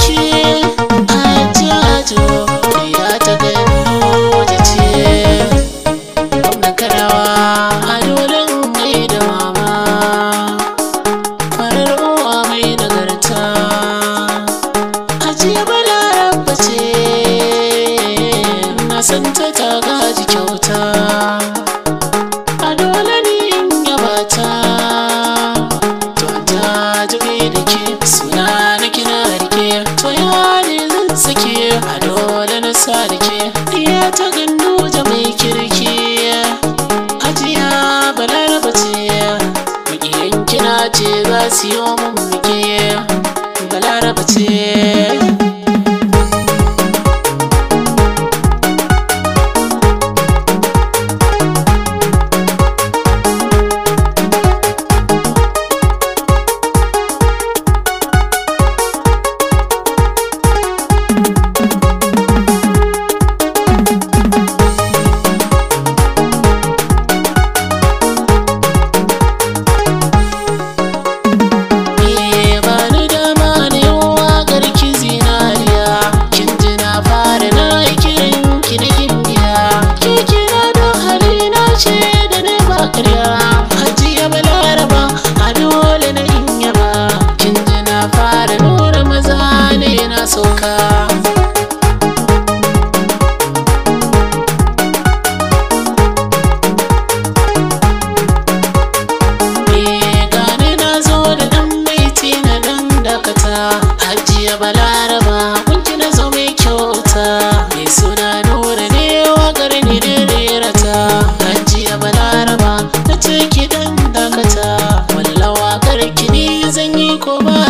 She dole da na sarki Iya ta gandu da mai kirki ajiya balaraba ce Makiyan kina ce za su yi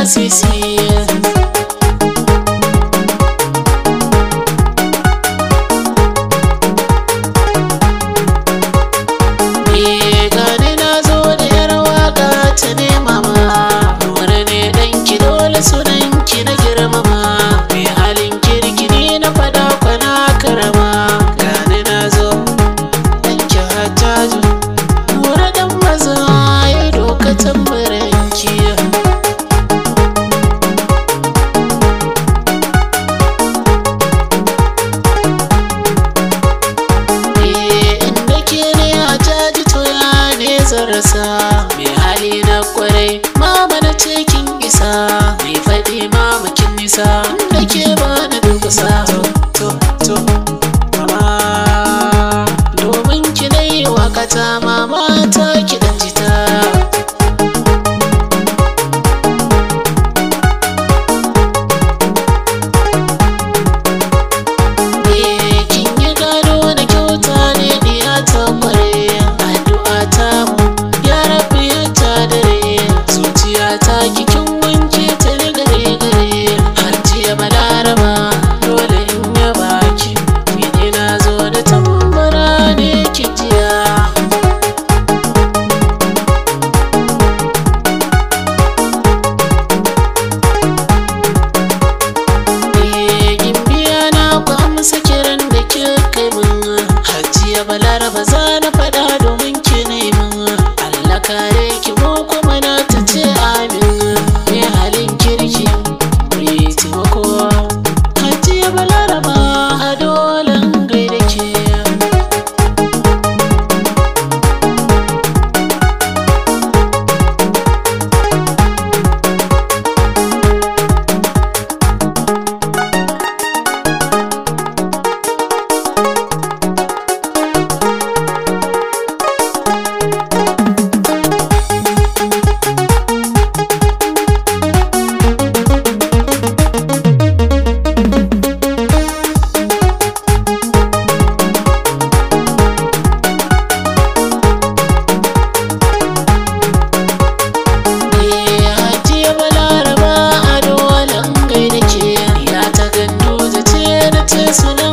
sisi rasa suena